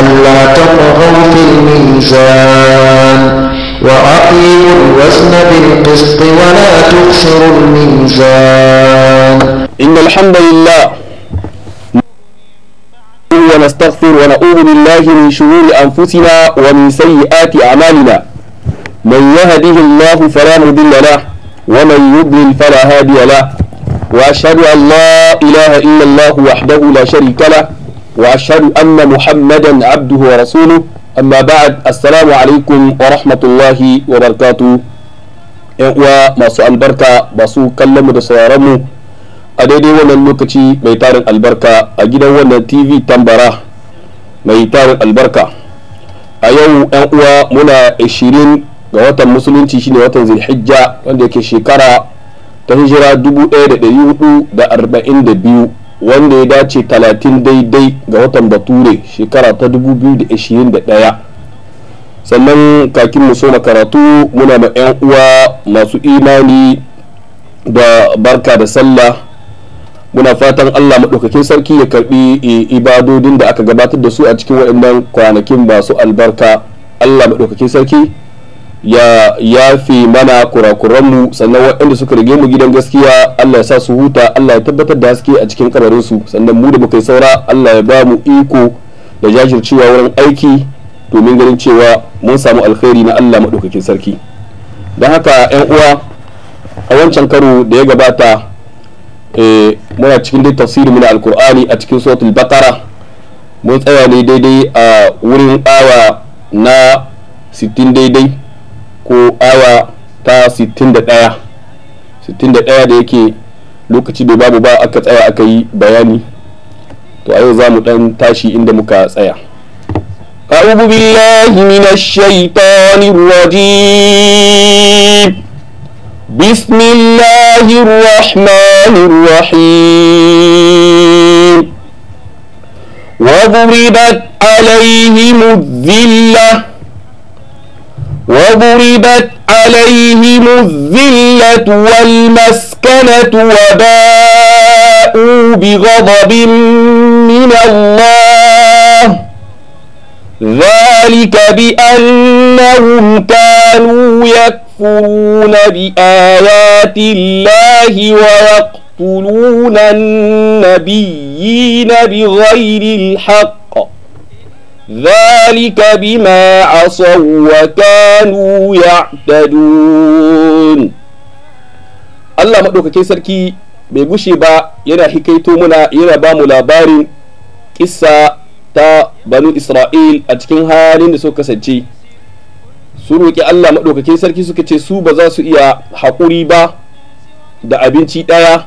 ألا تطغوا في الميزان وأقيموا الوزن بالقسط ولا تخسروا الميزان إن الحمد لله ونستغفر ونعوذ بالله من شرور أنفسنا ومن سيئات أعمالنا من يهده الله فلا مضل له ومن يضلل فلا هادي له وأشهد أن لا إله إلا الله وحده لا شريك له وأشهد أن محمدا عبده ورسوله أما بعد السلام عليكم wa الله وبركاته uwa masu albarka masu kallon mu da sauraron mu a daidai wannan lokaci mai tarin albarka a gidan wannan tv tambara mai tarin albarka a yau yan uwa muna 20 ga watan musulunci shine watan zulhijja wanda yake shekara ta hijira 1442 wanda ya dace 30 daidai ga watan bature shekara ta 2021 sannan kakin mu na karatu muna ma 'yan uwa masu imani da barka da sallah muna fatan allah maɗaukakin sarki ya karbi ibadodin da aka gabatar da su a cikin waɗannan kwanakin masu albarka allah maɗaukakin sarki ya yafe mana kurakuranmu sannan waɗanda suka rage mu gidan gaskiya Allah ya sa su huta Allah ya tabbatar da haske a cikin kabarinsu sannan mu da muka yi saura Allah ya ba mu iko da jajircewa wurin aiki domin ganin cewa mun samu alkhairi na Allah maɗaukakin sarki don haka 'yan uwa a wancan karo da ya gabata eh, muna cikin dai tafsiri mu na alkur'ani a cikin suratul baqara mun tsaya ne daidai a wurin awa na 60 daidai ko awa ta 61 61 da yake lokaci bai babu ba aka tsaya aka yi bayani to a yau za mu dan tashi inda muka tsaya أعوذ بالله من الشيطان الرجيم بسم الله الرحمن الرحيم وضربت عليهم الذله وضربت عليهم الذلة والمسكنة وباءوا بغضب من الله ذلك بأنهم كانوا يكفرون بآيات الله ويقتلون النبيين بغير الحق ذلك بما عصوا وكانوا يعتدون Allah maɗaukakin sarki bai gushe ba yana hikaito muna yana ba mu labarin kissa ta banu Isra'il a cikin halin da suka kasance su roƙi Allah maɗaukakin sarki suka ce su ba za su iya haƙuri ba da abinci ɗaya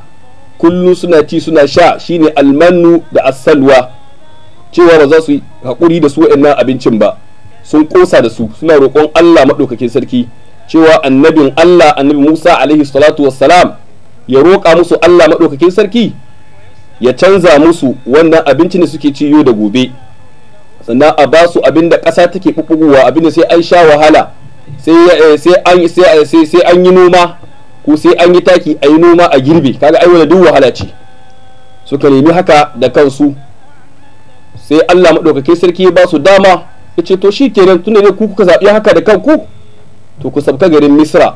kullum suna ci suna sha shine almannu da asalwa cewa ba za su haƙuri da su wa'annan abincin ba sun ƙosa da su suna roƙon Allah maɗaukakin sarki cewa annabin Allah annabi Musa alaihi salatu wassalam ya roƙa musu Allah maɗaukakin sarki ya canza musu wannan abincin da suke ci da gobe sannan a ba su abin da ƙasa take ɓuɓɓugowa abin da sai an sha wahala sai eh, eh, an yi noma ko sai an yi taki a yi noma a girbe kaga ai duk wahala ce suka nemi haka da kansu sai Allah maɗaukakin sarki ya ba su dama ya ce to shi kenan tunda ne ku kuka zaɓi haka da kanku to ku sabka garin misra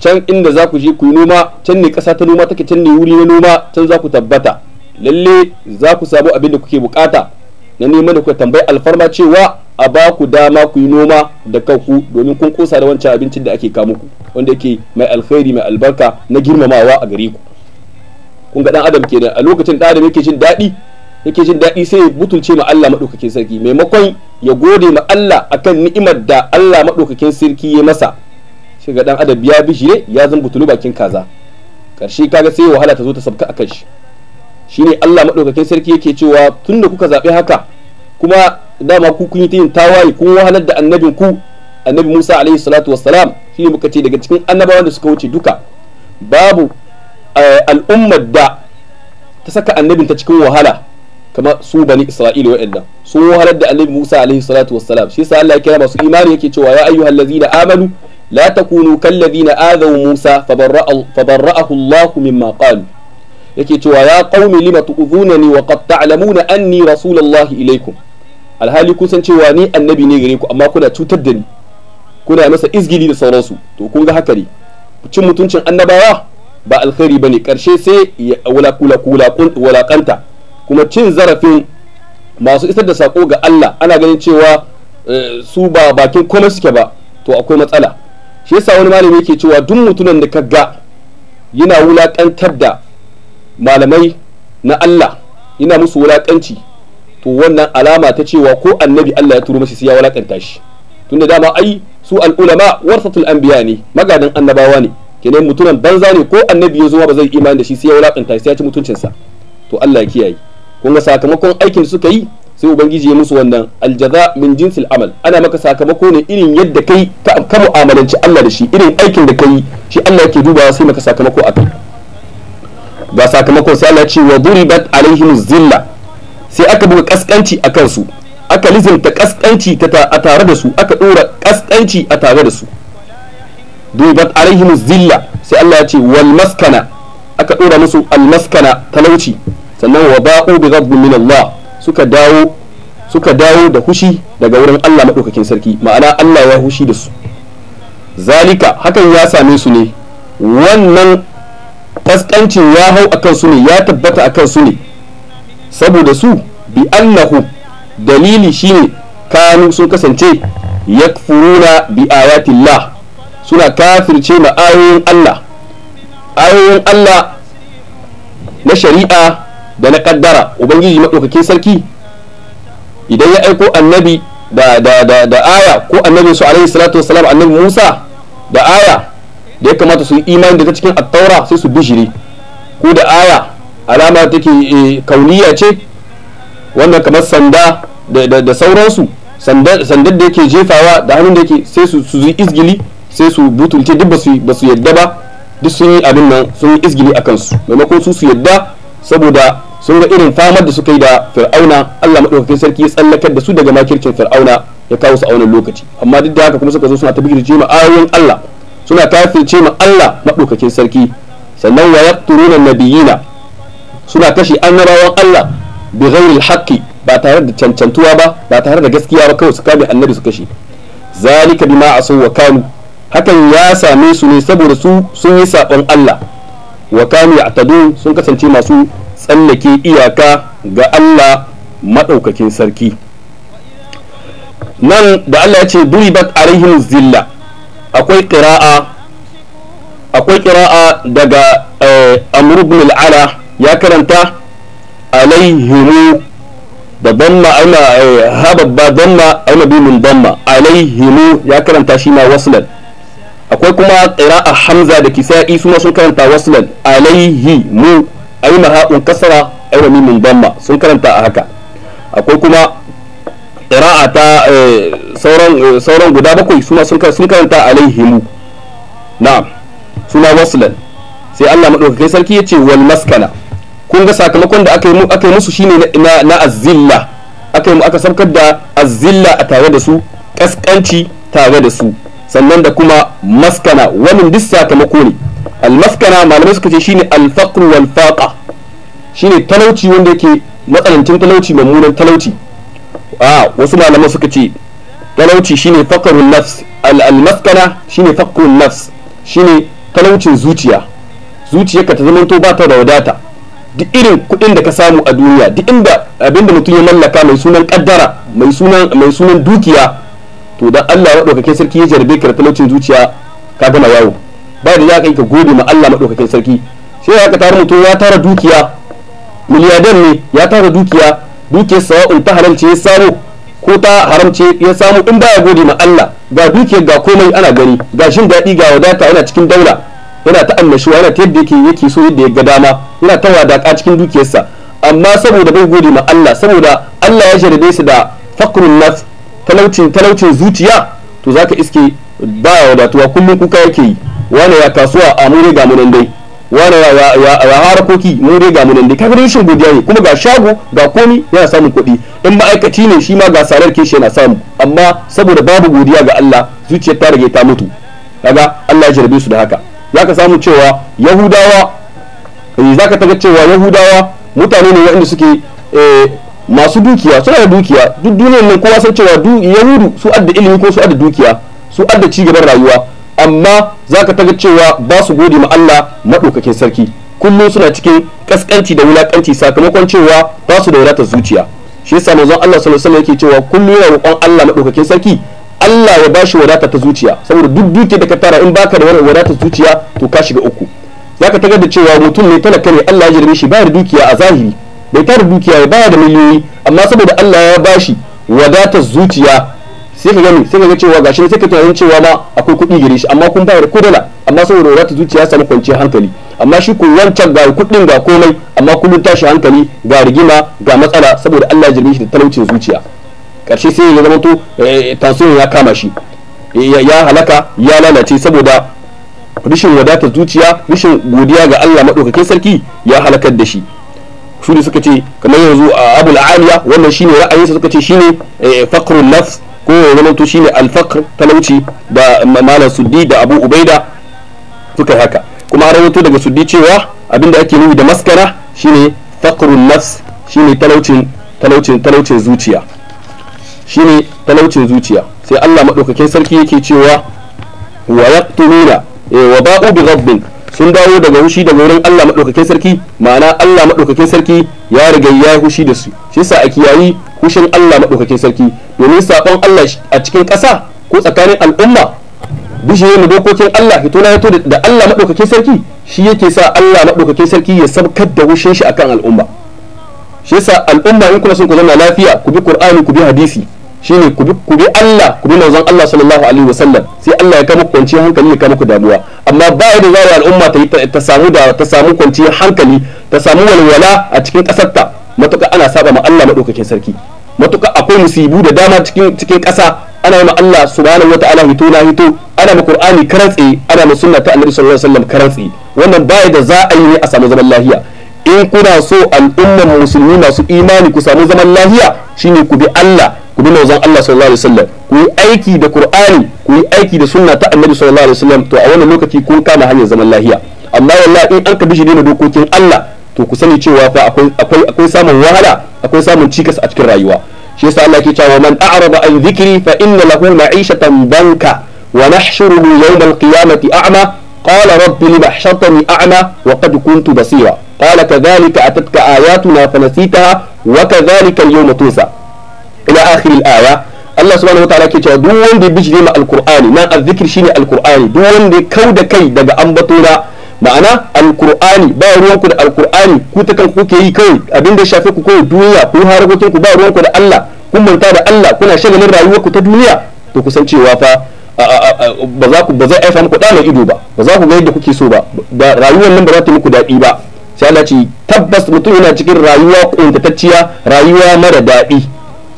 can inda za ku je ku yi noma can ne ƙasa ta noma take can ne wuri na noma can za ku tabbata lalle za ku samu abin da kuke bukata na neman da kuka tambayi alfarma cewa a ba ku dama ku yi noma da kanku domin kun kosa da wancan abincin da ake kamuku ku wanda yake mai alkhairi mai albarka na girmamawa a gare ku kun ga dan adam kenan a lokacin dan adam yake jin daɗi yake jin daɗi sai ya butulce ma Allah maɗaukakin sarki maimakon ya gode ma Allah akan ni'imar da Allah maɗaukakin sarki ya masa shi ga dan adab ya bishiye ya zan butulu bakin kaza karshe kaga sai wahala ta zo ta sabka akan shi shine Allah maɗaukakin sarki yake cewa tun da kuka zaɓi haka kuma dama ku kun yi ta yin tawaye kun wahalar da annabin ku annabi Musa alaihi salatu wassalam shine muka ce daga cikin annabawan da suka wuce duka babu eh, al'ummar da ta saka annabin ta cikin wahala kamar su bani isra'ila wa'annan su wahalar da annabi musa alaihi salatu wassalam shi yasa Allah ya kira masu imani yake cewa ya ayyuhal ladzina amanu la takunu kal ladzina adaw musa fabarra'ahu Allah mimma qalu yake cewa ya qaumi lima tu'dhunani wa qad ta'lamuna anni rasulullahi ilaikum alhali kun san cewa ni annabi ne gare ku amma kuna cutar da ni kuna masa izgili da sauransu to kun ga haka ne cin mutuncin annabawa ba alkhairi bane karshe sai wala kula kula wala kanta kuma cin zarafin masu isar da sako ga Allah ana ganin cewa eh, su ba bakin komai suke ba to akwai matsala shi yasa wani malami yake cewa duk mutumin da ka ga yana wulaƙantar da malamai na Allah yana musu wulaƙanci to wannan alama ta cewa ko annabi Allah ya turo masa sai ya wulaƙanta shi tunda dama ai su al'ulama warsatul anbiya ne magadan annabawa ne kenan mutumin banza ne ko annabi ya zo ba zai imani da shi sai ya wulaƙanta sai ya ci mutuncinsa to Allah ya kiyaye kun ga sakamakon aikin da suka yi sai ubangiji ya musu wannan aljaza min jinsil amal ana maka sakamako ne irin yadda kai ka mu'amalanci Allah da shi irin aikin da kai shi Allah yake dubawa sai maka sakamako a kai ba sakamakon sai Allah ce wa duribat alaihim zilla sai aka buga kaskanci a kansu aka lizinta kaskanci a tare da su aka dora kaskanci a tare da su duribat alaihim zilla sai Allah ya ce wal maskana aka dora musu al maskana talauci sannan wa ba'u bi ghadbin min Allah suka dawo suka dawo da hushi daga wurin Allah madaukakin sarki ma'ana Allah ya hushi da su zalika hakan ya same su ne wannan taskancin ya hau akan su ne ya tabbata akan su ne saboda su bi annahu dalili shine kanu sun kasance yakfuruna bi ayatillah suna kafirce ma ayoyin Allah ayoyin Allah na shari'a da na kaddara ubangiji maɗaukakin sarki idan ya aiko annabi da da da da aya ko annabi su alaihi salatu wassalam annabi Musa da aya da ya kamata su yi imani da ta cikin attaura sai su bishire ko da aya alama take eh, kauniya ce wannan kamar sanda da sauransu sandar da yake jefawa da hannun da yake sai su yi izgili sai su butulce duk ba su yadda ba duk sun yi abin nan sun yi izgili a kansu maimakon su su yadda saboda sun ga irin famar da suka yi da fir'auna Allah maɗaukakin sarki ya tsallakar da su daga makircin fir'auna ya kawo su a wani lokaci amma duk da haka kuma suka zo suna ta tabbirce ma ayoyin Allah suna kafirce ma Allah maɗaukakin sarki sannan wa yaqtuluna nabiyina suna kashe annabawan Allah bi ghairi haqqi ba tare da cancantuwa ba ba tare da gaskiya ba kawai su kame annabi su kashe zalika bima asaw wa kanu hakan ya same su ne saboda su sun yi sabon Allah wa kanu ya'tadun sun kasance masu tsallake iyaka ga Allah maɗaukakin sarki nan da Allah ya ce duribat alaihim zilla akwai ƙira'a akwai ƙira'a daga eh, amru ibn al'ala ya karanta alaihimu da damma aina eh, hababba damma aina bimin damma alaihimu ya karanta shi ma waslan akwai kuma ƙira'a hamza da kisa'i su sun karanta waslan alaihimu ai maha'un kasara ai wa mimun bamma sun karanta a haka akwai kuma qira'a ta eh, eh, sauran guda bakwai suma sun karanta alaihimu na'am suna waslan sai Allah kai sarki yace wal maskana kun ga sakamakon da aka yi musu shine na na azilla aka yi aka sabkar da azilla a tare da su kaskanci tare da su sannan da kuma maskana wani duk sakamako ne almaskana malamai suka ce shine alfaqr wal faqa shine talauci wanda yake matsanancin talauci mummunan talauci a wasu malamai suka ce talauci shine faqrun nafs al almaskana shine faqrun nafs shine talaucin zuciya zuciyarka ta zamanto ba ta da wadata duk irin kuɗin da ka samu a duniya duk inda abinda mutum ya mallaka mai sunan kaddara mai sunan mai sunan dukiya to dan Allah ya dauke sarki ya jarbe ka talaucin zuciya ka gama yawo ba da za ka yi ka gode ma Allah maɗaukakin sarki sai ya ka tara mutum ya tara dukiya miliyadan ne ya tara dukiya dukiyar sawa'un ta haramce ya samu ko ta haramce ya samu in baya gode ma Allah ga dukiyar ga komai ana gani ga shin daɗi ga wadata yana cikin daula yana ta annashuwa yana ta yadda yake so yadda ya ga dama yana ta wadaka cikin dukiyarsa amma saboda bai gode ma Allah saboda Allah ya jarabe su da fakrun nas talaucin talaucin zuciya to zaka iske ba wadatuwa kullum kuka yake yi wane ya kasuwa a mure ga munan dai wane ya harakoki mure ga munan dai kaga rashin godiya ne kuma ga shago ga komi yana samun kuɗi in ma'aikaci ne shi ma ga salar kishi yana samu amma saboda babu godiya ga Allah zuciyar ta rage ta mutu kaga Allah ya su da haka ka samu cewa yahudawa eh, zaka taga cewa yahudawa mutane ne waɗanda suke eh, masu dukiya suna da dukiya duk duniyar nan kowa san cewa yahudu su adda ilimi ko su adda dukiya su adda ci gaban rayuwa amma za ka taga cewa ba su gode ma Allah maɗaukakin sarki kullum suna cikin ƙasƙanci da wulaƙanci sakamakon cewa ba su da wadatar zuciya shi yasa manzon Allah sallallahu alaihi yake cewa kullum yana roƙon Allah maɗaukakin sarki Allah ya bashi wadata ta zuciya saboda duk duke da ka tara in baka da wannan wadata zuciya to ka shiga uku za ka tagar da cewa mutum ne talaka ne Allah ya jirme shi ba dukiya a zahiri bai tara dukiya ya bayar da miliyoyi amma saboda Allah ya ba shi wadatar zuciya sai ka gani sai ka ga cewa gashi sai ka tunanin cewa ma akwai kuɗi gare shi amma kun bayar ko dala amma saboda wadata zuciya samu kwanciyar hankali amma shi ko wancan ga kuɗin ga komai amma kullun tashi hankali ga rigima ga matsala saboda Allah ya shi da talaucin zuciya karshe sai ya zama to eh, ya kama shi eh, ya halaka ya lalace saboda rashin wadatar zuciya rashin godiya ga Allah maɗaukakin sarki ya halakar da shi su ne suka ce kamar yanzu a abul aliya wannan shine ra'ayinsa suka ce shine eh, faqrul nafs ko ya to shine alfaqr talauci da malam suddi da abu ubaida suka haka kuma an daga suddi cewa abinda ake nufi da maskara shine faqrun nafs shine talaucin talaucin talaucin zuciya shine talaucin zuciya sai Allah madaukakin sarki yake cewa wa yaqtuluna eh, wa ba'u bi ghabbin sun dawo daga hushi daga wurin Allah madaukakin sarki ma'ana Allah madaukakin sarki ya riga ya hushi da su shi sa a kiyayi hushin Allah maɗaukakin sarki domin saƙon Allah a cikin ƙasa ko tsakanin al'umma bishiye mu dokokin Allah fito na fito da Allah maɗaukakin sarki shi yake sa Allah maɗaukakin sarki ya sabkar da hushin shi akan al'umma shi yasa al'umma in kuna son ku zauna lafiya ku bi Qur'ani ku bi hadisi shine ku bi ku bi Allah ku bi manzon Allah sallallahu alaihi wasallam sai Allah ya kama kwanciyar hankali ya kama ku damuwa amma ba ya da zawa al'umma ta ta samu da ta samu kwanciyar hankali ta samu walwala a cikin ƙasarta matuƙa ana saba ma Allah maɗaukakin sarki matuƙa akwai musibu da dama cikin ƙasa ana yi ma Allah subhanahu wata'ala hito na hito ana ma Qur'ani karantse ana ma sunna ta Annabi sallallahu alaihi wasallam karantse wannan baya da za a yi ne a samu zaman lafiya in kuna so al'ummar musulmi masu imani ku samu zaman lafiya shine ku bi Allah ku bi manzon Allah sallallahu alaihi wasallam ku yi aiki da Qur'ani ku yi aiki da sunna ta Annabi sallallahu alaihi wasallam to a wannan lokaci kun kama hanyar zaman lafiya amma wallahi in an ka bi shi ne dokokin Allah to ku sani cewa fa akwai akwai akwai samun wahala akwai samun cikas a cikin rayuwa shi yasa Allah yake cewa man a'rada an dhikri fa inna lahu ma'ishatan banka wa nahshuruhu yawm al-qiyamati a'ma qala rabbi lima hashartani a'ma wa qad kuntu basira qala kadhalika atatka ayatuna fa nasitaha wa kadhalika al-yawma tunsa ila akhir al-aya Allah subhanahu wa ta'ala yake cewa duk wanda ya bijire ma al-Qur'ani nan azzikir shine al-Qur'ani duk wanda ya kauda kai daga ambatora ma'ana alkur'ani ba ruwanku da alkur'ani ku ta kanku kuke yi kawai abin da shafe ku kawai duniya ku harakokin ku ba ruwanku da Allah kun manta da Allah kuna shagalin rayuwarku ta duniya to kusan cewa fa ba za ku ba zai aifa muku da ido ba ba za ku ga yadda kuke so ba rayuwar nan ba za ta muku daɗi ba sai Allah ce tabbas mutum yana cikin rayuwa kuntatacciya rayuwa mara daɗi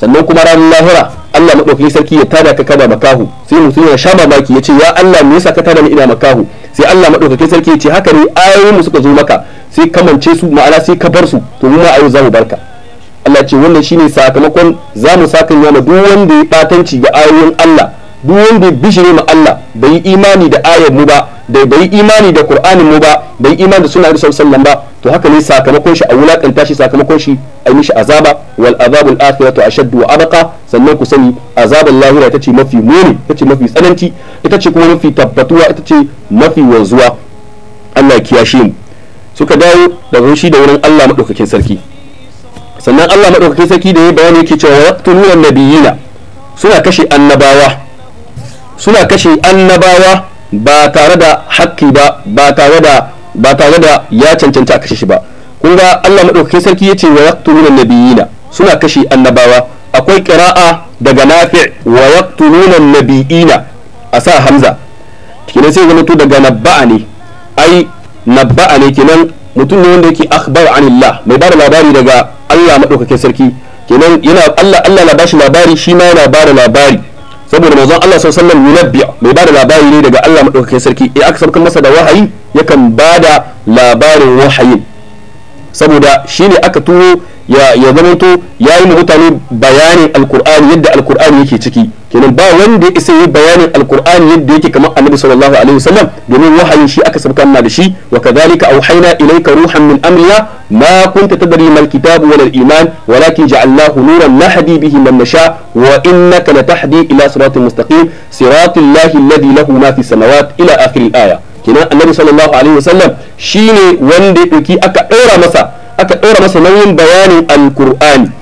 sannan kuma ranar lahira Allah madaukakin sarki ya tada ka kaba makahu sai mutum ya sha mamaki ya ce ya Allah me yasa ka tada ni ina makahu sai Allah madaukakin sarki ce haka ne ayoyin mu suka zo maka sai kamance su ma'ana sai ka bar su to mu ma ayo za mu barka Allah ce wannan shine sakamakon za mu saka yi duk wanda ya batanci ga ayoyin Allah duk wanda ya bishire mu Allah bai yi imani da ayar mu ba da bai imani da Qur'anin mu ba bai imani da sunan Rasul sallallahu ba to haka ne sakamakon shi a wulakanta shi sakamakon shi a mishi azaba wal azabul akhiratu ashaddu wa abqa sannan ku sani azabul lahira ita ce mafi muni ita mafi tsananci ita ce kuma mafi tabbatuwa ita ce mafi wanzuwa Allah ya kiyashe mu suka dawo daga shi da wurin Allah madaukakin sarki sannan Allah madaukakin sarki da ya bayani yake cewa yaqtuluna nabiyina suna kashe annabawa suna kashe annabawa ba tare da haƙƙi ba ba tare da ba tare da ya cancanta a kashe shi ba kun ga Allah madaukakin sarki yace wa yaqtuluna nabiyina suna kashe annabawa akwai qira'a daga nafi' wa yaqtuluna nabiyina a sa hamza kenan sai zama to daga nabba'a ne ai nabba'a ne kenan mutum ne wanda yake akhbar anillah mai bada labari daga Allah madaukakin sarki kenan yana Allah Allah na bashi labari shi ma yana bada labari saboda manzon Allah sallallahu alaihi wasallam yunabbi mai bada labari ne daga Allah madaukakin sarki ya eh, aka saukar masa da wahayi yakan da labarin wahayin saboda shi ne aka turo ya ya zamanto yayi mutane bayanin alqur'ani yadda alqur'ani yake ciki kenan ba wanda ya isa yi bayanin alkur'ani yadda yake kamar annabi sallallahu alaihi wasallam domin wahayin shi aka sabka mana da shi wa kadhalika ilai ilayka ruhan min amrina ma kunta tadri mal kitabu wal iman walakin ja'alnahu nuran nahdi bihi man nasha wa innaka latahdi ila siratin mustaqim siratil lahi alladhi lahu ma fi samawati ila akhir al aya kenan annabi sallallahu alaihi wasallam shine wanda ya dauki aka daura masa aka daura masa nauyin bayanin alkur'ani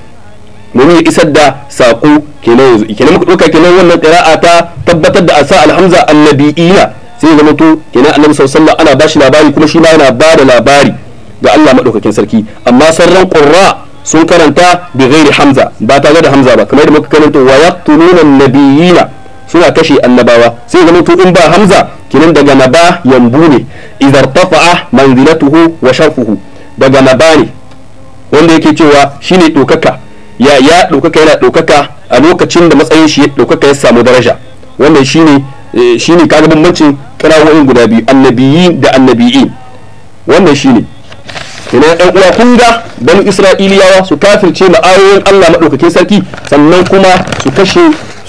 domin ya isar da saƙo kenan yanzu kenan muka ɗauka kenan wannan ƙira'a ta tabbatar da asa alhamza annabi'ina sai zama to kenan annabi sallallahu ana bashi labari kuma shi ma yana ba da labari ga Allah madaukakin sarki amma sarran qurra sun karanta bi ghairi hamza ba ta da hamza ba kamar da muka karanta wa yaqtuluna nabiyina suna kashe annabawa sai zama to in ba hamza kenan daga naba yambu ne idar tafa'a manzilatuhu wa sharfuhu daga naba ne wanda yake cewa shine dokaka ya ya ɗaukaka yana ɗaukaka a lokacin da matsayin shi ɗaukaka ya samu daraja wannan shine eh, shine kaga bambancin kirawoyin guda biyu annabiyi da annabiyin wannan shine kina ɗan uwa kun ga banu isra'iliyawa su kafirce ma ayoyin Allah madaukakin sarki sannan kuma su kashe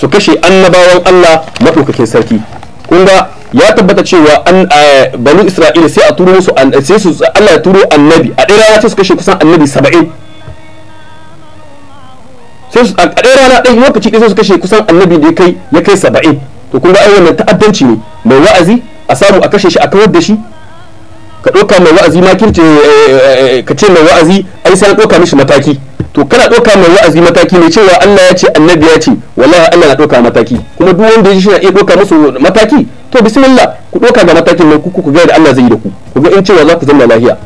su kashe annabawan Allah madaukakin sarki kun ga ya tabbata cewa an eh, banu isra'ila sai a turo musu sai su Allah ya turo annabi a ɗaya rana su kashe kusan annabi saba'in sai a ɗaya rana ɗaya lokaci ɗaya su kashe kusan annabi da ya kai ya kai saba'in to kun ga ai wannan ta'addanci ne mai wa'azi a samu a kashe shi a kawar da shi ka ɗauka mai wa'azi ma kirce eh, eh, eh, ka ce mai wa'azi ai sai ɗauka mishi mataki to kana ɗauka mai wa'azi mataki ne cewa Allah ya ce annabi ya ce wallahi Allah na ɗauka mataki kuma duk wanda ya shi na iya ɗauka musu mataki to bismillah ku ɗauka ga matakin nan ku ku ga da Allah zai yi da ku ku ga in cewa za ku zama lafiya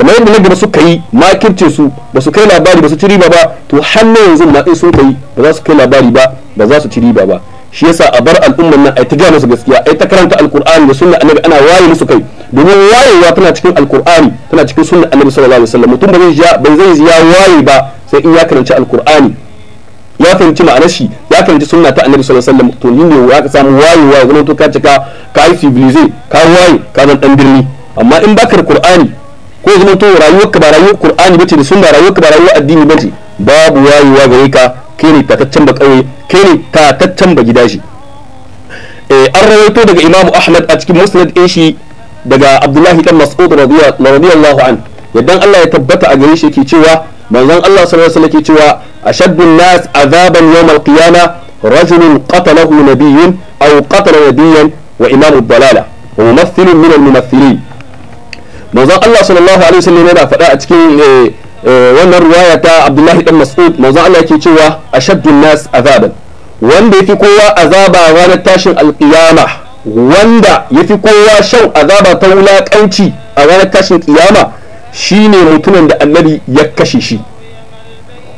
kamar yadda na gaba suka yi makirce su ba su kai labari ba su ci riba ba to hannun yanzu ma in sun kai ba za su kai labari ba ba za su ci riba ba shi yasa a bar al'umman nan yi ta gaya musu gaskiya yi ta karanta al'kur'ani da sunna annabi ana waye musu kai domin wayewa tana cikin al'kur'ani tana cikin sunna annabi sallallahu alaihi wasallam mutum ba zai ba zai ya waye ba sai in ya karanci al'kur'ani ya fahimci ma'anar shi ya fahimci sunna ta annabi sallallahu alaihi wasallam to ni ne ya ka samu wayewa wani to ka cika ka yi civilize ka waye ka zan dan birni amma in baka da qur'ani ko zama to rayuwarka ba rayuwar Qur'ani bace da sunna rayuwarka ba rayuwar addini bace babu wayewa gare ka kai ne tataccen ba kai kai ne tataccen ba gidashi eh an rawaito daga Imam Ahmad a cikin Musnad din shi daga Abdullahi dan Mas'ud radiyallahu an yaddan Allah ya tabbata a gare shi yake cewa manzon Allah sallallahu alaihi wasallam yake cewa ashaddun nas azaban yawm al-qiyamah rajulun qatalahu nabiyyun aw qatala nabiyyan wa imamu dalala wa mumaththilun min manzon Allah sallallahu alaihi wasallam yana faɗa a cikin eh, eh, wannan ruwaya ta Abdullahi dan Mas'ud manzon Allah yake cewa ashaddun nas azaban wanda yafi kowa azaba ranar tashin alqiyama wanda yafi kowa shan azaba ta wulakanci a ranar tashin kiyama shine mutumin da annabi ya kashe shi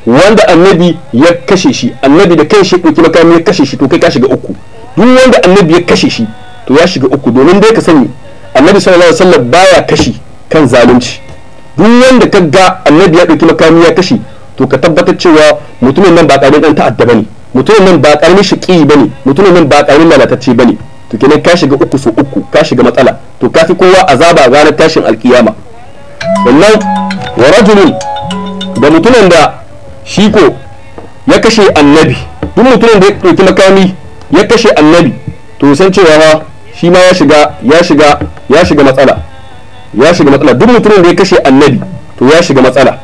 wanda annabi ya kashe shi annabi da kai shi ɗauki makami ya kashe shi to kai ka shiga uku duk wanda annabi ya kashe shi to ya shiga uku domin dai ka sani annabi sallallahu alaihi wasallam baya kashi kan zalunci duk wanda ka ga annabi ya ɗauki makami ya kashi to ka tabbatar cewa mutumin nan ba ƙaramin ɗan ta'adda bane mutumin nan ba ƙaramin shiƙi bane mutumin nan ba ƙaramin lalatacce bane to kenan ka shiga uku so uku ka shiga matsala to ka fi kowa azaba ranar tashin alkiyama wannan wa rajulun da mutumin da shi ko ya kashe annabi duk mutumin da ya ɗauki makami ya kashe annabi to san cewa shi ma ya shiga ya shiga ya shiga matsala ya shiga matsala duk mutumin da ya kashe annabi to ya shiga matsala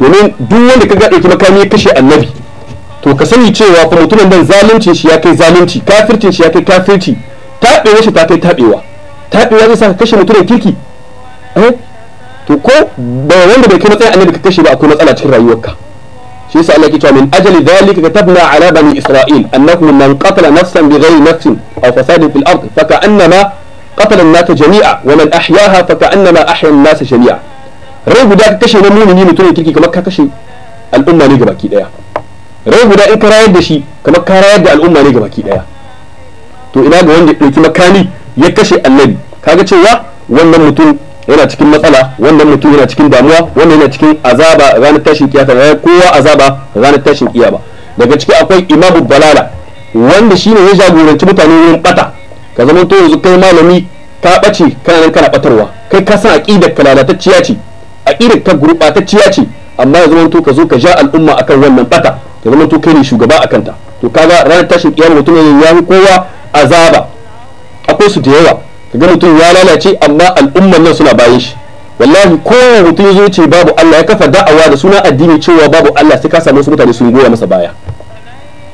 domin duk wanda ka ki makami ya kashe annabi to ka sani cewa fa mutumin nan zaluncin shi ya kai zalunci kafircin shi ya kai kafirci taɓewa shi ta kai taɓewa taɓewa zai sa ka kashe mutumin kirki eh? to ko ba wanda bai kai matsayin annabi ka kashe ba akwai matsala cikin rayuwarka shi yasa Allah ke cewa min ajali dhalika katabna ala bani isra'il annahu man qatala nafsan bighayri nafsin aw fasadin fil ard fa ka'annama qatala an-nasa jami'a wa man ahyaha fa ka'annama ahya an-nasa jami'a rai guda ka kashe na mumini mutum ne kirki kamar ka kashe al'umma ne gabaki daya rai guda in ka rayar da shi kamar ka rayar da al'umma ne gabaki daya to ina ga wanda ya dauki makami ya kashe annabi kaga cewa wannan mutum yana cikin matsala wannan mutum yana cikin damuwa wannan yana cikin azaba ranar tashin kiyama ya kowa azaba ranar tashin kiyama daga ciki akwai imamu balala wanda shine ya jagoranci mutane wurin bata ka zama to yanzu kai malami ka bace kana nan kana batarwa kai ka san aqidar ka lalatacciya ce aqidar ka gurbatacciya ce amma yanzu zama to ka zo ka ja al'umma akan wannan bata ka zama to kai ne shugaba akan ta to kaga ranar tashin kiyama mutum ya yi kowa azaba akwai su da yawa kaga mutum ya lalace amma al'ummar nan suna bayan shi wallahi kowane mutum ya zo ce babu Allah ya kafa da'awa da suna addini cewa babu Allah sai ka samu wasu mutane sun goya masa baya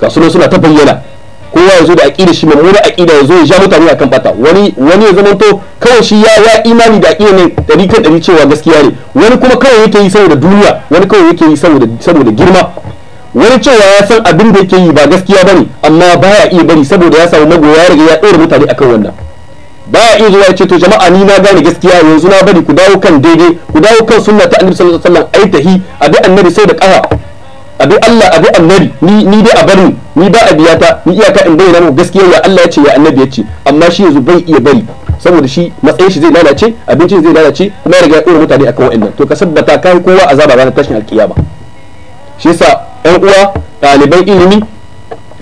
ga suna suna ta bayyana kowa ya zo da aƙida shi mura aƙida ya zo ya ja mutane akan bata wani wani ya zamanto kawai shi ya ya imani da aƙida ne ɗari kan ɗari cewa gaskiya ne wani kuma kawai yake yi saboda duniya wani kawai yake yi saboda saboda girma wani cewa ya san abin da yake yi ba gaskiya bane amma baya iya bari saboda ya samu magoya ya riga ya dora mutane akan wannan baya iya zuwa ce to jama'a ni na gane gaskiya yanzu na bari ku dawo kan daidai ku dawo kan sunna ta annabi sallallahu alaihi wasallam ai tahi abi annabi sai da kafa abi Allah abi annabi ni ni dai a barni ni ba a biya ta ni iyaka in bayyana mu gaskiya ya Allah ya ce ya annabi ya ce amma shi yanzu bai iya bari saboda shi matsayin shi zai lalace abincin zai lalace kuma ya riga ya ɗora mutane akan wa'annan to ka sabbata kai kowa azaba ranar tashin alkiyama shi yasa ƴan uwa ɗaliban ilimi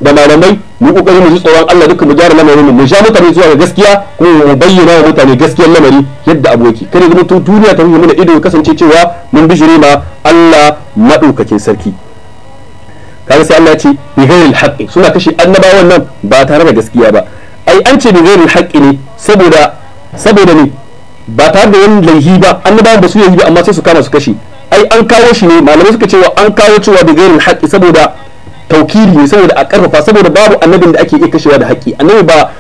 da malamai mu kokari mu ji tsoron Allah dukkan mu gyara lamarin mu sha mutane zuwa ga gaskiya kuma mu bayyana wa mutane gaskiyar lamari yadda aboki kare zama to duniya ta mana ido kasance cewa mun bijire ma Allah madaukakin sarki kaga sai Allah ya ce bi ghairil haqqi suna kashe annabawan nan ba tare da gaskiya ba ai an ce bi ghairil haqqi ne saboda saboda ne ba tare da wani laihi ba annabawan ba su yi ba amma sai su kama su kashe ai an kawo shi ne malamai suka cewa an kawo cewa bi ghairil haqqi saboda taukiri ne saboda a karfafa saboda babu annabin da ake iya kashewa da haƙƙi annabi ba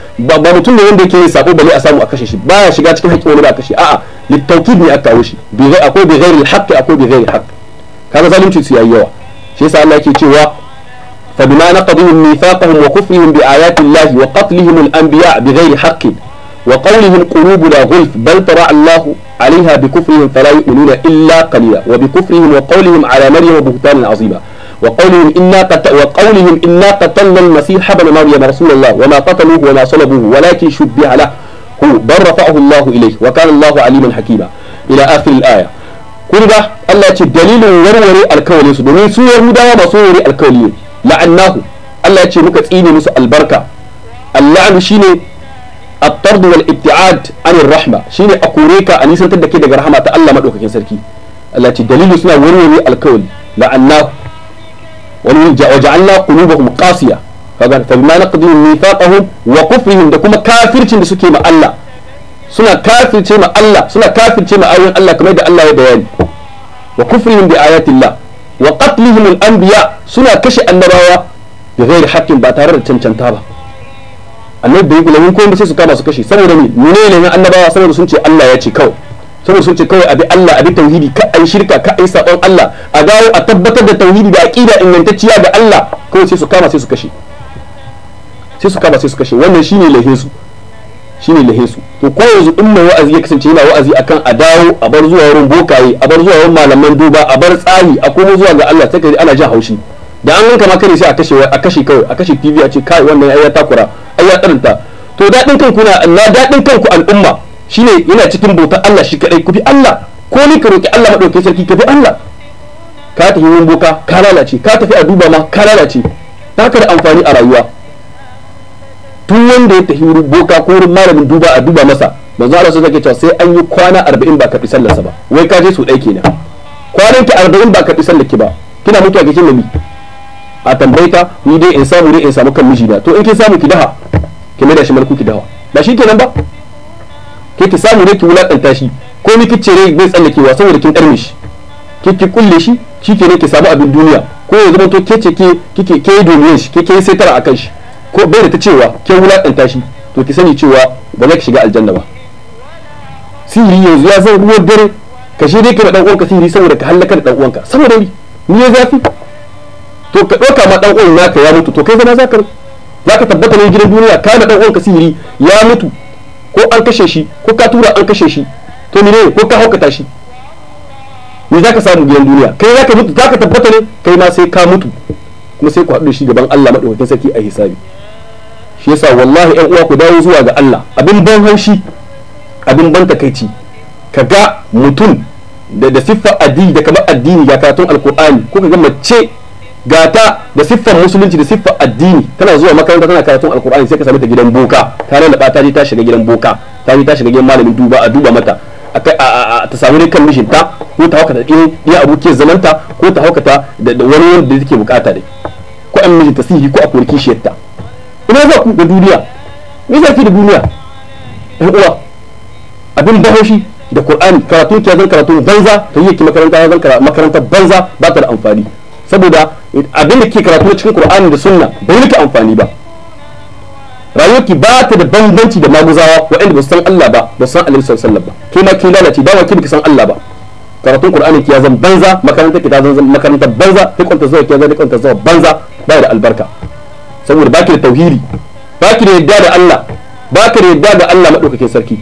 ba mutum ne wanda yake yin sako bale a samu a kashe shi baya shiga cikin haƙƙin wani ba a kashe a'a littaukid ne aka kawo shi akwai bi ghairi alhaq akwai bi ghairi alhaq kaga zalunci su yayi yawa shi yasa Allah yake cewa fa bima naqdihim mithaqahum wa kufrihim bi ayati Allah wa qatlihim al-anbiya bi ghairi haqqin wa qawlihim qulubuna ghulf bal tara Allah عليها بكفرهم فلا يؤمنون إلا قليلا وبكفرهم وقولهم على مريم بهتانا عظيما وقولهم إنا قتل وقولهم إنا قتلنا المسيح ابن مريم رسول الله وما قتلوه وما صلبوه ولكن شبه له هو بل رفعه الله إليه وكان الله عليما حكيما إلى آخر الآية kun ga Allah ce dalilin warware alkawalin su domin su Yahudawa ba su warware alkawali ne la'annahu Allah ce muka tsine musu albarka al-la'nu shine at-tard wal ibti'ad an rahma shine a kore ka a nisantar da ke daga rahama ta Allah madaukakin sarki Allah ce dalilin suna warware alkawali la'annahu وجعلنا قلوبهم قاسية kaga fa bima naqdihim wa kufrihim da kuma kafircin da suke ma Allah suna kafirce ma Allah suna kafirce ma ayoyin Allah kamar da Allah ya bayani wa kufrihim bi ayatillah wa qatlihim al anbiya suna kashe annabawa bi ghairi haqqin ba tare da cancanta ba annabi bai kula mun ko sai su kama su kashe saboda annabawa saboda sun ce Allah ya ci kawai sun sun ce kawai abi Allah abi tauhidi ka ai shirka ka ai sabon Allah a dawo a tabbatar da tauhidi da aqida ingantacciya ga Allah kawai sai su kama sai su kashe sai su kama sai su kashe wannan shine lahin su shine lahin su to ko yanzu in mai wa'azi ya kasance yana wa'azi akan a dawo a bar zuwa wurin bokaye a bar zuwa wurin malaman duba a bar tsari a komo zuwa ga Allah sai ka ana jin haushi da an kama kare sai a kashe a kashe kawai a kashe TV a ce kai wannan ai ya takura ai ya karanta to dadin kanku na dadin kanku al'umma shine yana cikin bautar Allah shi kadai ku Allah ko ni ka roki Allah madauke sarki ka bi Allah ka tafi wurin boka ka lalace ka tafi a duba ma ka lalace ta ka da amfani a rayuwa tun wanda ya tafi wurin boka ko wurin malamin duba a duba masa manzo Allah sai cewa sai an yi kwana 40 ba ka bi sallarsa ba wai ka je su dai kenan kwanan ki 40 ba ka bi sallar ki ba kina mutuwa kicin lami a tambayta ni dai in samu dai in samu kan miji da to in kin samu ki daha ki mai da shi malku ki daha ba shi kenan ba sai ki samu ne ki wulakanta shi ko ni bai zai tsallakewa saboda kin darme shi ki ki kulle shi shi ke ne ki samu abin duniya ko ya zama to ke ce ke kike ke duniyar shi ke ke setara akan shi ko bai da ta cewa ke wulakanta shi to ki sani cewa ba za ki shiga aljanna ba sihiri yanzu ya zan ruwan dare ka shi dai ka dan uwanka sihiri saboda ka hallaka da dan uwanka saboda ni ni ya zafi to ka ɗauka ma dan uwan naka ya mutu to kai zama zaka zaka tabbata ne gidan duniya ka da dan uwanka sihiri ya mutu ko an kashe shi ko ka tura an kashe shi to mene ko ka haukata shi me zaka samu gidan duniya kai zaka mutu zaka tabbata ne kai ma sai ka mutu kuma sai ku haɗu da shi gaban Allah madaukakin sarki a hisabi shi yasa wallahi ƴan uwa ku dawo zuwa ga Allah abin ban haushi abin ban takaici kaga mutum da da siffa addini da kamar addini ga karatun alkur'ani ko kaga mace gata da siffar musulunci da siffar addini tana zuwa makaranta tana karatun alkur'ani sai ka same ta gidan boka ta da ta je ta shiga gidan boka ta je ta shiga gidan malamin duba a duba mata ta samu ne kan mishinta ko ta haukata iya abuke zamanta ko ta haukata da wani wanda take bukata dai ko an mijinta sihi ko a kori kishiyarta ina za ku da duniya me za ki da duniya ɗan uwa abin bahoshi da qur'ani karatu ki zan karatu banza ta yi ki makaranta zan makaranta banza ba ta da amfani saboda abin da ke karatu na cikin Qur'ani da Sunna bai miki amfani ba rayuwarki ba ta da bambanci da maguzawa waɗanda ba su san Allah ba ba su san Annabi sallallahu alaihi ba ke ma kin lalace ba wa kin san Allah ba karatun Qur'ani ki ya zan banza makaranta ki ta zan makaranta banza ki kwanta zuwa ki zan kwanta zuwa banza ba da albarka saboda baki da tauhidi baki da yadda da Allah baki da yadda da Allah madaukakin sarki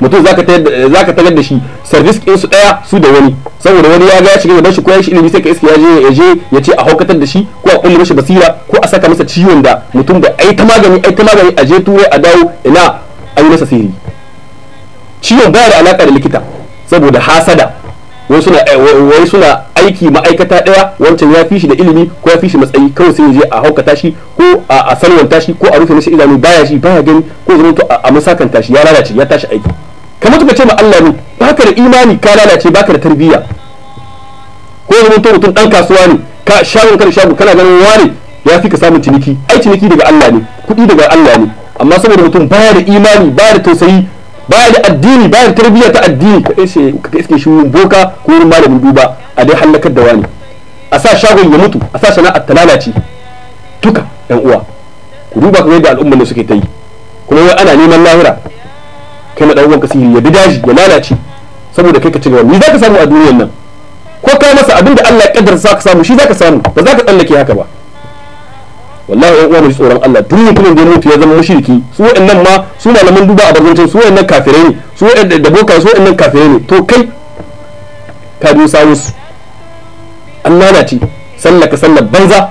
mutum zaka tagar da shi service ɗin su ɗaya su da wani saboda wani ya ga ya shiga da shi ko shi ilimi sai ka iska ya je ya je ya ce a haukatar da shi ko a kulle mashi basira ko a saka masa ciwon da mutum da aita magani aita magani a je turai a dawo ina ayi yi masa sihiri ciwon baya da alaka da likita saboda hasada wai suna eh, wai suna aiki ma'aikata ɗaya wancan ya fi shi da ilimi ko ya fi shi matsayi kawai sai je a haukata shi ko a salwanta shi ko a rufe shi idanu baya shi baya gani ko zama to a musakanta shi ya lalace ya tashi aiki kamar ka ce ma Allah ne baka da imani ka lalace baka da tarbiyya ko zama to mutum dan kasuwa ne ka shagon kan shago kana ganin wani ya fi ka samun ciniki ai ciniki daga Allah ne kuɗi daga Allah ne amma saboda mutum baya da imani baya da tausayi baya da addini baya da tarbiyya ta addini ka iske ka iske shi boka ko wurin malamin duba a dai halakar da wani a sa shagon ya mutu a sa sana'ar ta lalace tuka yan uwa ku duba kamar yadda al'ummar ne suke ta yi kuma wai ana neman lahira kai ma uwan uwanka ya bi daji ya lalace saboda kai ka ci gaba ni zaka samu a duniyar nan ko kai masa abinda Allah ya sa ka samu shi zaka samu ba za ka tsallake haka ba wallahi yan uwa mu ji tsoron Allah duk mutumin da ya mutu ya zama mushriki su wa'annan ma su malaman duba a barzancin su wa'annan kafirai ne su wa'annan da boka su wa'annan kafirai ne to kai ka biyo sawu su an lalace sallar ka sallar banza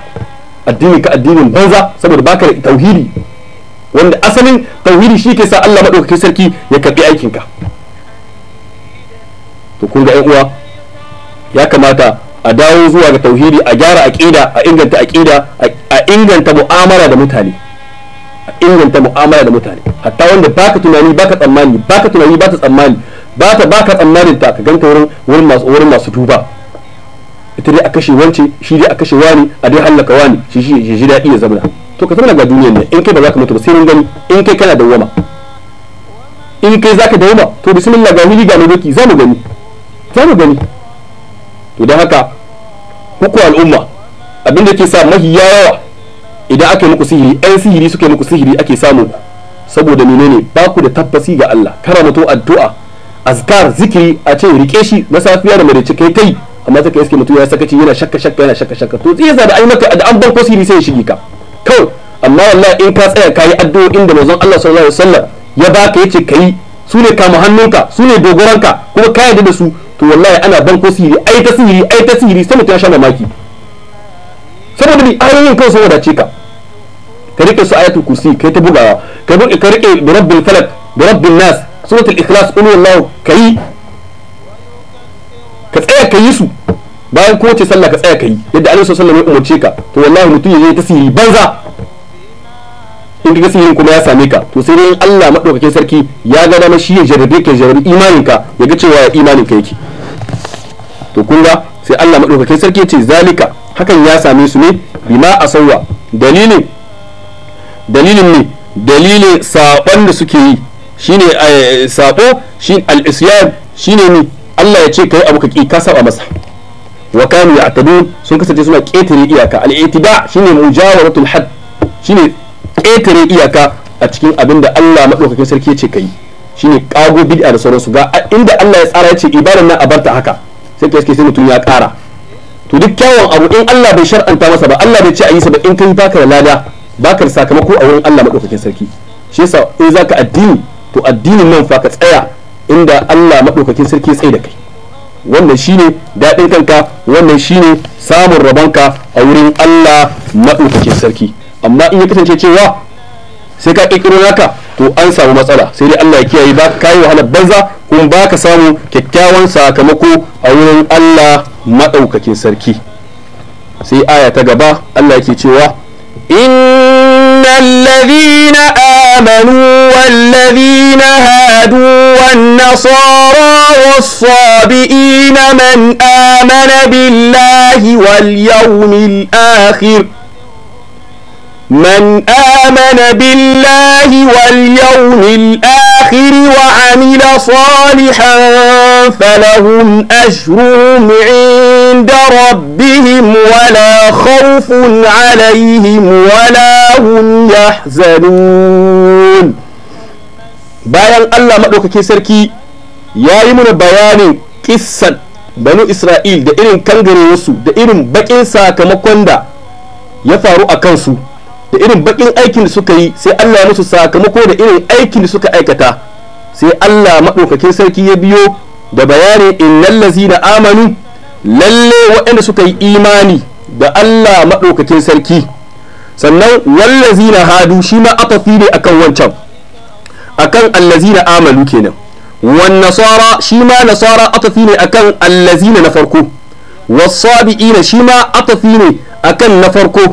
addini ka addinin banza saboda baka da tauhidi wanda asalin tauhidi shi ke sa Allah maɗaukakin sarki ya karɓi aikinka to kun ga uwa ya kamata a dawo zuwa ga tauhidi a gyara aqida a inganta aqida a inganta mu'amala da mutane a inganta mu'amala da mutane hatta wanda baka tunani baka tsammani baka tunani baka tsammani baka baka tsammanin ta ka ganta wurin wurin masu wurin masu tuba ita dai a kashe wance shi dai a kashe wani a dai hallaka wani shi shi shi daɗi ya zama to ka zama ga duniyar ne in kai ba za ka mutu ba sai mun gani in kai kana wama in kai za ka wama to bismillah ga wuri ga doki za mu gani za mu gani to don haka kuku al'umma abinda ke sa mahi yawa idan aka yi muku sihiri ɗan sihiri suka yi muku sihiri ake samu saboda menene ba ku da tabbasi ga Allah karamato addu'a azkar zikiri a ce rike shi na safiya da maraice kai kai amma sai ka iske mutum ya sakaci yana shakka shakka yana shakka shakka to zai da ai maka da an ko sihiri sai ya shige ka kawai amma wallahi in ka tsaya kayi addu'o'in da manzon Allah sallallahu alaihi wasallam ya baka yace kai su ne kama hannunka su ne dogoranka kuma ka yarda da su to wallahi ana banko sihiri ai ta sihiri ai ta sihiri sai mutum ya sha mamaki saboda bi ayoyin kai sun wadace ka ka rike su ayatul kursi kai ta bugawa ka buke ka rike bi rabbil falak bi rabbin nas suratul ikhlas qul huwallahu kai ka tsaya ka yi su bayan kowace sallah ka tsaya ka yi yadda alaihi sallallahu alaihi wasallam ya umarce ka to wallahi mutum ya yi ta sihiri banza in ka sihirin kuma ya same ka to sai dai Allah madaukakin sarki ya ga dama shi ya jarabe ka jarabe imanin ka ya ga cewa imanin ka yake to kun ga sai Allah madaukakin sarki ya ce zalika hakan ya same su ne bima asawwa dalilin dalilin ne dalilin sabon da suke yi shine eh, sabo shi al-isyan shine ne Allah ya ce kai abu ka ki ka saba masa wa kanu ya'tadun sun kasance suna ketare iyaka al-i'tida shine mujawaratul had shine ƙetare iyaka a cikin abin da Allah maɗaukakin sarki ce ka yi ne kago bid'a da sauransu ga inda Allah ya tsara ya ce na nan a barta haka sai ka sai mutum ya ƙara to duk kyawun abu in Allah bai shar'anta masa ba Allah bai ce a yi ba in kai baka da lada baka da sakamako a wurin Allah maɗaukakin sarki shi yasa in zaka addini to addinin nan fa ka tsaya inda Allah maɗaukakin sarki ya tsaye da kai wannan shine daɗin kanka wannan shine samun rabonka a wurin Allah maɗaukakin sarki amma in ya kasance cewa sai ka kirkiro naka to an samu matsala sai dai Allah ya kiyaye ba ka yi wahalar banza kuma ba ka samu kyakkyawan sakamako a wurin Allah maɗaukakin sarki sai aya ta gaba Allah yake cewa الذين آمنوا والذين هادوا والنصارى والصابئين من billahi wal واليوم akhir من آمن بالله واليوم الآخر وعمل صالحا فلهم أجرهم عند ربهم ولا خوف عليهم ولا هم يحزنون bayan Allah maɗaukakin sarki ya yi mana bayanin kissan banu Isra'il da irin kangarewarsu da irin baƙin sakamakon da ya faru a kansu da irin bakin aikin da suka yi sai Allah ya musu sakamako da irin aikin da suka aikata sai Allah maɗaukakin sarki ya biyo da bayani innal lazina amanu lalle waɗanda suka yi imani da Allah maɗaukakin sarki sannan wallazina hadu shi ma atafi ne akan wancan akan allazina Amalu kenan wan nasara shi ma nasara atafi ne akan allazina na farko wasabi'ina shi ma atafi ne akan na farko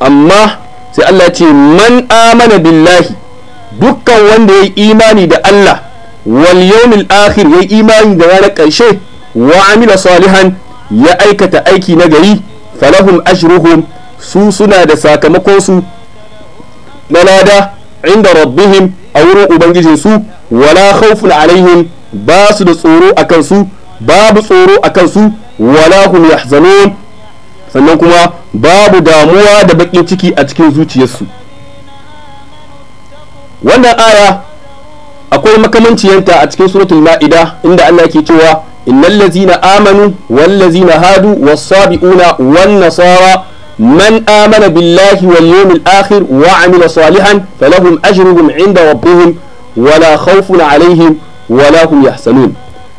amma sai Allah ce man amana billahi dukkan wanda ya imani da Allah wal yawmil akhir ya imani da ranar karshe wa amila salihan ya aikata aiki na gari falahum ashruhum su suna da sakamakon su na lada inda rabbihim a wurin ubangijin su wala khawfun alaihim ba su da tsoro akan su babu tsoro akan su wala hum yahzanun sannan kuma babu damuwa da bakin ciki a cikin zuciyarsu wannan aya akwai makamanciyanta a cikin suratul ma'ida inda Allah ke cewa innal ladzina amanu wal ladzina hadu was-sabiuna wan-nasara man amana billahi wal yawmil akhir wa amila salihan falahum ajruhum 'inda rabbihim wala khawfun 'alayhim wala hum yahsanun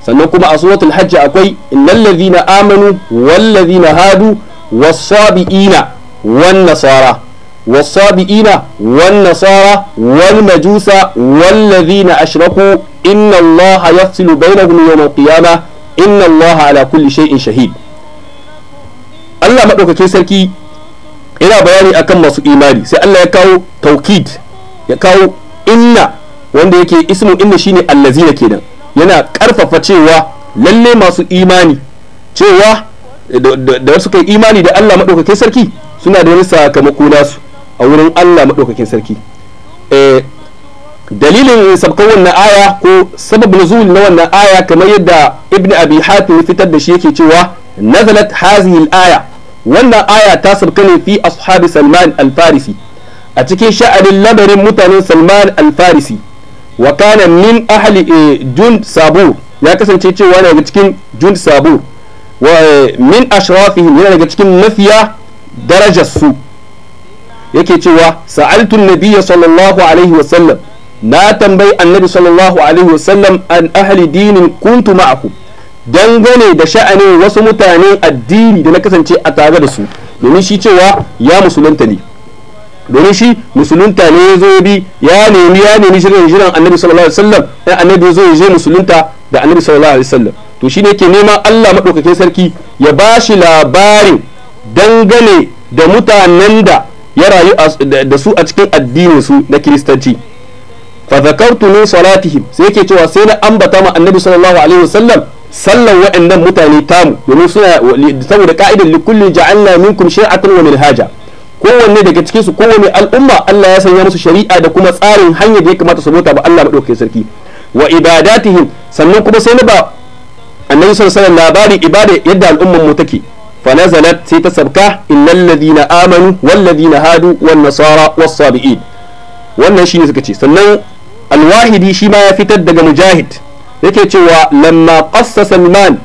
sannan kuma a suratul hajj akwai innal ladzina amanu wal ladzina hadu wasabi'ina wan nasara wasabi'ina wan nasara wal majusa wallazina ashraku inna allaha yafsilu bainahum yawm al-qiyamah inna allaha ala kulli shay'in shahid Allah madaukakin sarki ina bayani akan masu imani sai Allah ya kawo taukid ya kawo inna wanda yake ismu inna shine allazina kenan yana karfafa cewa lalle masu imani cewa da wasu kai imani da Allah maɗaukakin sarki suna da wani sakamako nasu a wurin Allah maɗaukakin sarki eh, dalilin sabkan wannan aya ko sabab nuzul na wannan aya kamar yadda ibn abi hatim fitar da shi yake cewa nazalat hazihi aya wannan aya ta sabka ne fi ashabi salman al-farisi a cikin sha'anin labarin mutanen salman al-farisi wa kana min ahli eh, jund sabur ya kasance cewa daga cikin jund sabur wa min ashrafihim yana daga cikin mafiya darajar su yake cewa sa'altun nabiyya sallallahu alaihi wasallam na tambayi annabi sallallahu alaihi wasallam an ahli dinin kuntu ma'akum dangane da sha'anin wasu mutane addini da na kasance a tare da su domin shi cewa ya musulunta ne domin shi musulunta ne ya zo bi ya nemi ya nemi shirin shirin annabi sallallahu alaihi wasallam ai annabi zo musulunta da annabi sallallahu alaihi wasallam to shine yake nema Allah madaukakin sarki ya bashi labarin dangane da mutanen da ya rayu da su a cikin addinin su na kiristanci fa zakartu min salatihim sai yake cewa sai na ambata ma annabi sallallahu alaihi wasallam sallan waɗannan mutane tamu domin suna saboda ka'idar likulli ja'alna minkum shi'atan wa minhaja kowanne daga cikin su kowanne al'umma Allah ya sanya musu shari'a da kuma tsarin hanyar da ya kamata su bauta ba Allah madaukakin sarki wa ibadatihim sannan kuma sai na ba annabi sallallahu alaihi labari ibada yadda al'umman mu take fa nazalat sai ta sabka innal ladina amanu wal ladina hadu wan nasara was sabiin wannan shine suka ce sannan alwahidi shi ma ya fitar daga mujahid yake cewa lamma qassa salman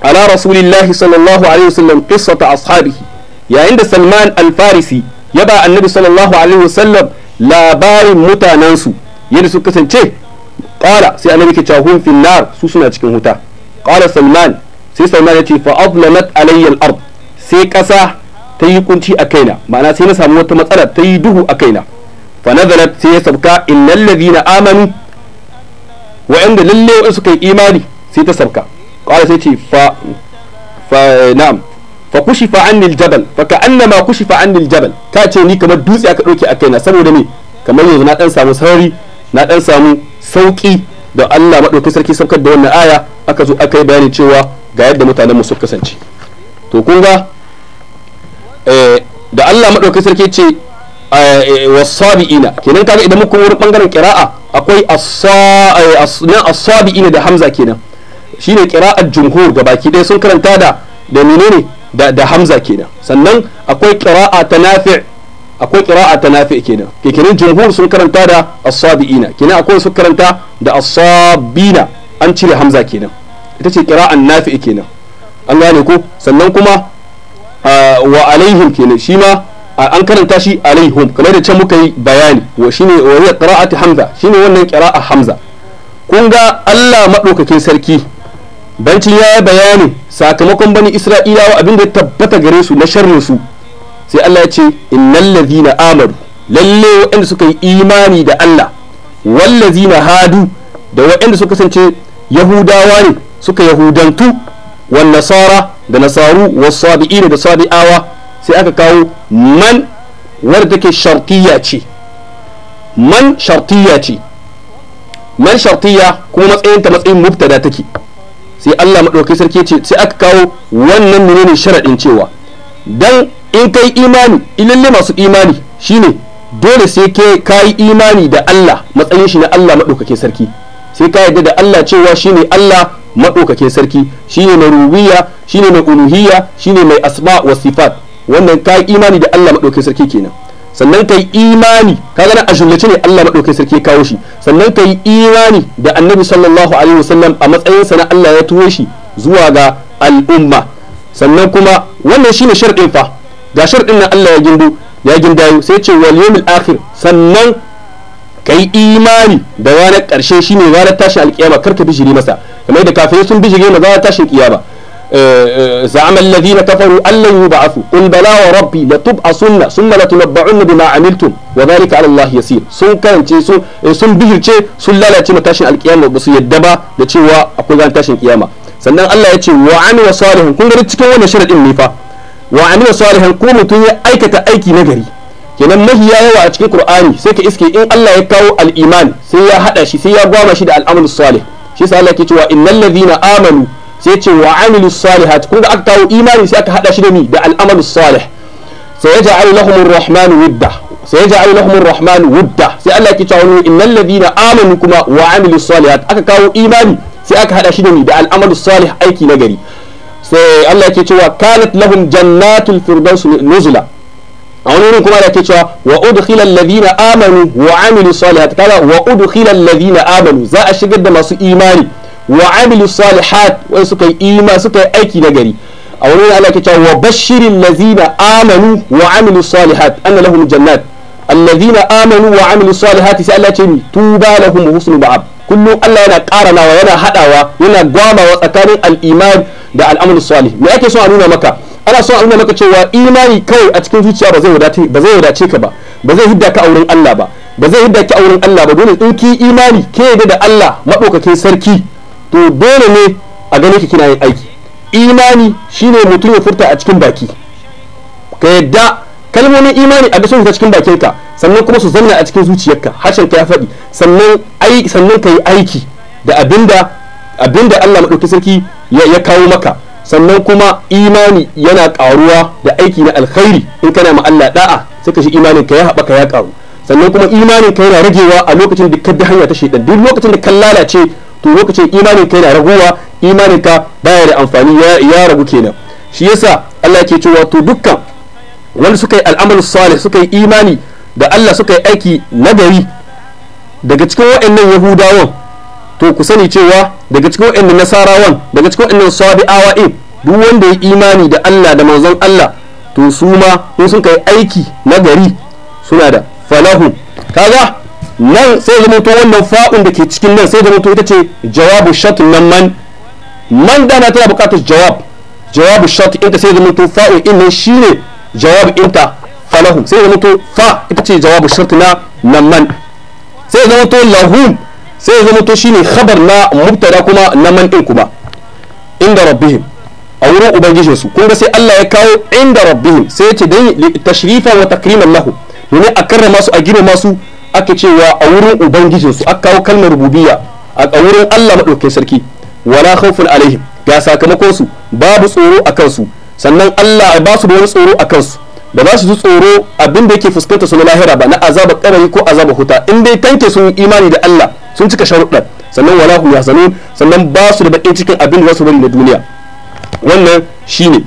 ala rasulillahi sallallahu alaihi wasallam qissata ashabihi yayin da salman alfarisi ya ba annabi sallallahu alaihi wasallam labarin mutanensu yadda su kasance ƙara sai annabi ke cewa fin su suna cikin wuta ƙara salman sai salman ya ce fa azlamat alayya al-ard sai ƙasa ta yi kunci a kaina ma'ana sai na samu wata matsala ta yi duhu a kaina fa nazarat sai ya sabka innal ladina amanu wa'anda lalle suka yi imani sai ta sabka ƙara sai ce fa fa na'am fa kushifa annil jabal fa ka annama kushifa annil jabal ta ce ni kamar dutse aka dauke a kaina saboda me kamar yanzu na dan samu sarari na dan samu sauki da Allah madaukakin sarki saukar da wannan aya aka zo aka yi bayani cewa ga yadda mutanen mu suka kasance to kun ga eh, da Allah madaukakin sarki ce eh, eh, wasabi'ina kenan kaga idan muka wurin bangaren qira'a akwai as-sabi'ina da hamza kenan shine kira'ar jumhur gabaki ɗaya sun karanta da da menene da hamza kenan sannan akwai kiraa ta nafi' akwai kira'a ta nafi' kenan kekirin jumhur sun karanta da as-sabiina kenan akwai sun karanta da as an cire hamza kenan ita ce kira'an nafi' kenan an gane ko sannan kuma wa alaihim kenan shi ma an karanta shi alaihum kamar da can muka yi bayani wa shine wa hiya qira'atu hamza shine wannan kira'a hamza kun ga Allah madaukakin sarki bancin ya yi bayanin sakamakon bani isra'ilawa abin da tabbata gare su na sharrin su sai Allah ya ce innal na amaru lalle waɗanda suka yi imani da Allah wallazina hadu da waɗanda suka kasance yahudawa ne suka yahudantu wan nasara da nasaru was sabi'ina da sabi'awa sai aka kawo man wadda take shartiya ce man shartiyya ce man shartiya kuma matsayinta matsayin mubtada take sai Allah maɗaukai sarki ce sai aka kawo wannan menene sharaɗin cewa dan in kai imani ilalle masu imani shine dole sai ke kayi imani da Allah matsayin shi na Allah maɗaukakin sarki sai ka yarda da Allah cewa shine Allah maɗaukakin sarki shine mai rubiya shine mai Shi shine mai asma wa sifat wannan kayi imani da Allah maɗaukakin sarki kenan sannan kai imani gana a ajullace ne Allah maɗaukai sarki ya kawo shi sannan kai imani da annabi sallallahu alaihi wasallam a matsayin sa na Allah ya tuwo shi zuwa ga al'umma sannan kuma wannan shi ne sharɗin fa ga sharɗin nan Allah ya gindu ya gindayo sai ce wal yawmil akhir sannan kai imani da ranar ƙarshe shine ranar tashin alƙiyama kar ka bijire masa kamar da kafin sun bijire ma za a tashin alƙiyama زعم الذين كفروا أن لن يبعثوا قل بلى وربي لتبعثن ثم لتنبعن بما عملتم وذلك على الله يسير sun karance sun bihirce sun lalace matashin alkiyama da su yadda ba da cewa akwai ran tashin kiyama sannan Allah ya ce wa amila salihan kun gari cikin wannan sharadin ne fa wa amila salihan ko mutum ya aikata aiki na gari kenan mahiya yawa a cikin kur'ani sai ka iske in Allah ya kawo al-iman sai ya hada shi sai ya gwama shi da al-amal salih shi sai Allah ke cewa innal ladhina amanu sai ce wa amilu salihat kun ga aka kawo imani sai aka hada shi da ni da al'amalu salih sai yaj'al lahum ar-rahmanu wudda sai yaj'al lahum ar-rahmanu wudda sai Allah ke cewa innal ladina amanu kuma wa amilu salihat aka kawo imani sai aka hada shi da ni da al'amalu salih aiki na gari sai Allah ke cewa kanat lahum jannatul firdaus nuzula a wani wurin kuma da ke cewa wa udkhila alladhina amanu wa amilu salihat kala wa udkhila alladhina amanu za a shigar da masu imani wa amilu salihat wai suka yi ima suka yi aiki na gari a wani da alaƙa ke cewa wa bashirin lazina amanu wa amilu salihat anna lahum jannat allazina amanu wa amilu salihat sai Allah ce ba tuba lahum husnu ma'ab kullum Allah yana karanawa yana haɗawa yana gwamawa tsakanin al-iman da al salih me ake so a nuna maka ana so a nuna maka cewa imani kawai a cikin zuciya ba zai wadace ba zai wadace ka ba ba zai hidda ka a wurin Allah ba ba zai hidda ki a wurin Allah ba dole in imani ke da Allah madaukakin sarki to dole ne a gane ki kina yin aiki imani shine mutum ya furta a cikin baki ka yadda kalmomin imani a ta cikin bakinka sannan kuma su zanna a cikin zuciyarka harshen ka ya faɗi sannan ai sannan ka yi aiki da abinda abinda Allah madauki sarki ya kawo maka sannan kuma imani yana karuwa da aiki na alkhairi in kana ma Allah da'a sai ka shi imanin ka ya haɓaka ya karu sannan kuma imanin ka yana ragewa a lokacin da ka hanya ta shaidan duk lokacin da kan lalace to lokacin imanin kai na raguwa imanin ka baya da amfani ya ragu kenan shi yasa Allah ke cewa to dukkan wanda suka yi al'amal salih suka yi imani da Allah suka yi aiki nagari daga cikin waɗannan yahudawan to ku sani cewa daga cikin waɗannan nasarawan daga cikin waɗannan sabi'awa in duk wanda ya imani da Allah da manzon Allah to su ma in sun kai aiki nagari suna da falahu Kaza. nan sai zama to wannan fa'un da ke cikin nan sai zama to ita ce jawabu shat nan man man na tana buƙatar jawab jawabu shat inta sai zama to fa'un in nan shine jawab inta falahu sai zama to fa ita ce jawabu shat na nan man sai zama to lahum sai zama to shine khabar na mubtada kuma na man din kuma inda rabbihim a wurin ubangijin su kun ga sai Allah ya kawo inda rabbihim sai ya ce dai tashrifa wa takrima lahu domin a karrama su a girma su Aka cewa a wurin ubangijinsu aka kawo kalmar rububiya a wurin Allah maɗauke sarki wala khawfun alaihim ga sakamakon su babu tsoro a kansu sannan Allah ba su da wani tsoro a kansu ba za su ji tsoro abin da yake fuskanta su na lahira ba na azaba kabari ko azaba huta in dai tanke sun imani da Allah sun cika sharuɗan sannan wala hum yahzanun sannan ba su da bakin cikin abin da za su bari na duniya wannan shine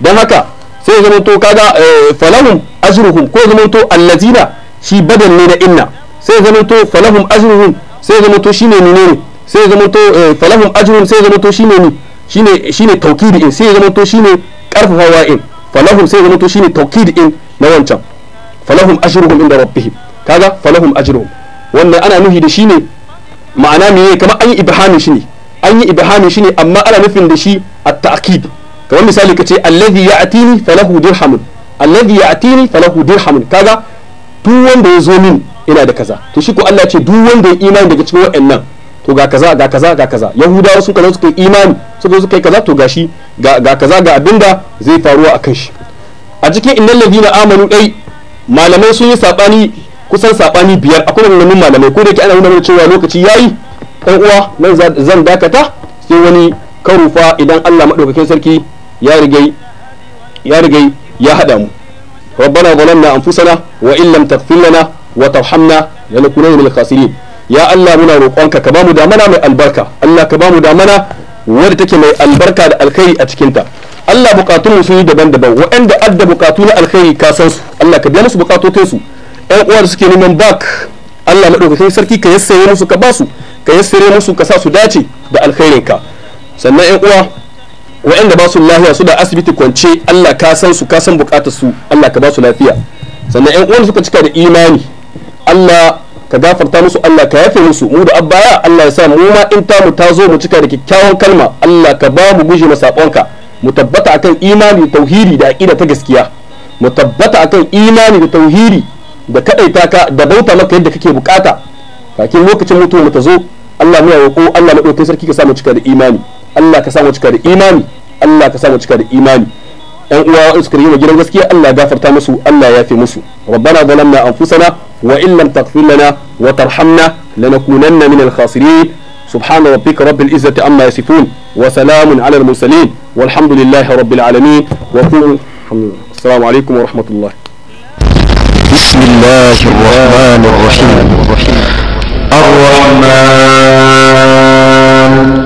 don haka sai zama to kaga eh, falahum ajruhum ko zama to allazina shi badal ne da inna sai zama to falahum ajruhum sai zama to shine ne sai zama to eh, falahum ajruhum sai zama to shine ne shine shine taukidi in sai zama to shine karfafa in falahum sai zama to shine taukidi in na wancan falahum ajruhum inda rabbihim kaga falahum ajruhum wannan ana nuhi da shine ma'ana meye kamar an yi ibhamin shi ne an yi ibhamin shi ne amma ana nufin da shi at-ta'kid kamar misali kace alladhi ya'tini falahu dirhamun alladhi ya'tini falahu dirhamun kaga duk wanda ya zo min ina da kaza to shi ko Allah ce duk wanda ya imani daga cikin wa'annan to ga kaza ga kaza ga kaza yahudawa sun kaza suka yi imani suka suka yi kaza to gashi ga ga kaza ga abinda zai a kan shi a cikin innal ladina amanu dai malamai sun yi sabani kusan sabani biyar akwai wannan malamai ko da ke ana nuna cewa lokaci yayi dan uwa nan zan dakata sai wani karufa idan Allah madaukakin sarki ya rigai ya rigai ya hada mu ربنا ظلمنا أنفسنا وإن لم تغفر لنا وترحمنا لنكونن من الخاسرين يا الله منا روقانك كبامو دامنا من البركة الله كبامو دامنا wadda take mai albarka da alkhairi a cikinta Allah bukatun sun yi daban-daban waɗanda adda bukatu na alkhairi ka san su Allah ka biya musu bukatotin su ɗan uwa da suke neman bak Allah madaukakin sarki ka yassare musu ka basu ka yassare musu ka sa su dace da alkhairin ka sannan ɗan uwa wa'anda ba su lafiya su da asibiti kwance Allah ka san su ka san bukatar su Allah ka ba su lafiya sannan ɗan uwan suka cika da imani Allah ka gafarta musu Allah ka yafe musu mu da abbaya Allah ya sa mu ma in ta mu ta zo mu cika da kyakkyawan kalma Allah ka ba mu guje masakonka mu tabbata akan imani da tauhidi da aqida ta gaskiya mu tabbata akan imani da tauhidi da kadaita ka da bauta maka yadda kake bukata kakin lokacin mutuwa mu ta zo Allah mu ya roƙo Allah madaukakin sarki ka sa mu cika da imani Allah ka samu cika da imani Allah ka samu cika da imani yan uwa suka rige gidan gaskiya Allah gafarta musu Allah yafe musu rabbana zalamna anfusana wa in lam taghfir lana wa tarhamna lanakunanna minal khasirin subhana rabbika rabbil izzati amma yasifun wa salamun alal mursalin walhamdulillahi rabbil alamin wa qul assalamu alaikum wa rahmatullah بسم الله الرحمن الرحيم الرحمن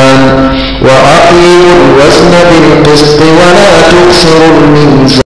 وأقيموا الوزن بالقسط ولا تكسروا الميزان